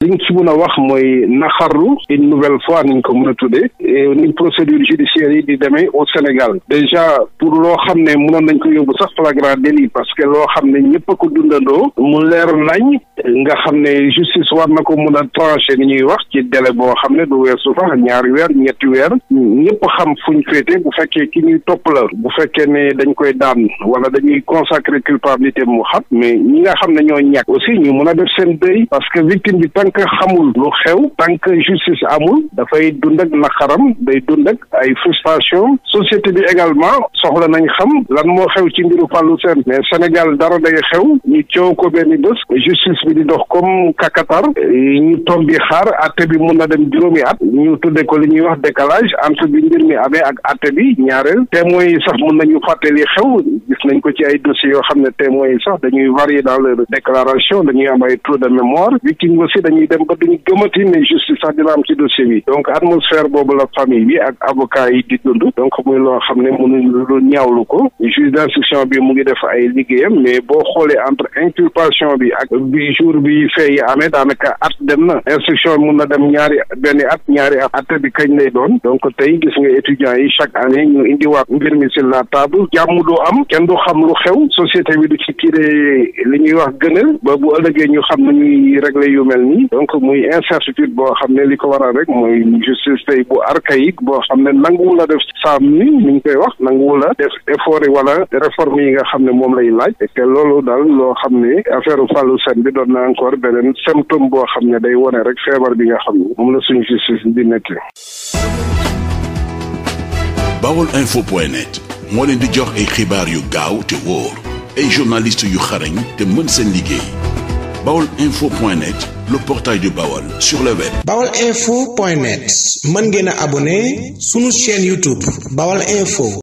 liñ ci mën a wax mooy naxarlu une nouvelle fois niñ ko mën a tuddee ni procédure judiciaire yi di demee au Sénégal déjà pour loo xam ne mënoon nañ ko yóbbu sax flagrant délit parce que loo xam ne ñëpp a ko dundandoo mu leer nañ nga xam ne justice war na ko mun a tranché ni ñuy wax ci délé boo xam ne du weesu sax ñaari weer ñetti weer ñëpp xam fuñ féete bu fekkee ki ñuy topp la bu fekkee ne dañ koy daan wala dañuy consacrer culpabilité mu xam mais ñi nga xam ne ñoo ñàkk aussi ñu mën a def seen deuil tant que xamul lu xew tant que justice amul dafay dund ak naqaram day dund ak ay frustration société bi également soxla nañ xam lan moo xew ci mbiru Fallou Sène mais Sénégal dara day xew ñu coow ko benn bés justice bi di dox comme kakatar ñu tombi xaar atte bi mun na dem juróomi at ñu tudde ko li ñuy wax décalage entre bi mbir mi amee ak ate bi ñaareel témoins yi sax mun nañu fàtte li xew gis nañ ko ci ay dossiers yoo xam ne témoins yi sax dañuy varier dans leur déclaration am dañuy dem ba duñu gëmati ne justice sax dina am ci dossier bi donc atmosphère boobu la famille bi ak avocat yi di dund donc muy loo xam ne mënuñu lu ñaawlu ko juge d'instruction bi mu ngi def ay liggéeyam mais boo xoolee entre inculpation bi ak bi jour bi fee yi amee daanaka at dem na instruction bi mun na dem ñaari benn at ñaari at atte bi kañ lay doon donc tey gis nga étudiants yi chaque année ñu indiwaat mbir mi sur la table jàmm du am kenn du xam lu xew société bi du ci tiré li ñuy wax gënal ba ëllëgee ñu xam nañuy régler yu mel nii yi donc muy incertitude boo xam ne li ko waral rek mooy justice tey bu archaïque boo xam ne nanguwul a def saam ni ni ñu koy wax nanguwul a def effort yi wala réforme yi nga xam ne moom lay laaj te loolu daal loo xam ne affaire Fallou Sène bi doon na encore beneen symptôme boo xam ne day wone rek feebar bi nga xam ne moom la suñu justice di nekk. Baol info point di jox xibaar yu gaaw te wóor le portail du Baol sur le web. Baolinfo.net mën ngeen a abonné sunu chaîne YouTube Baol Info.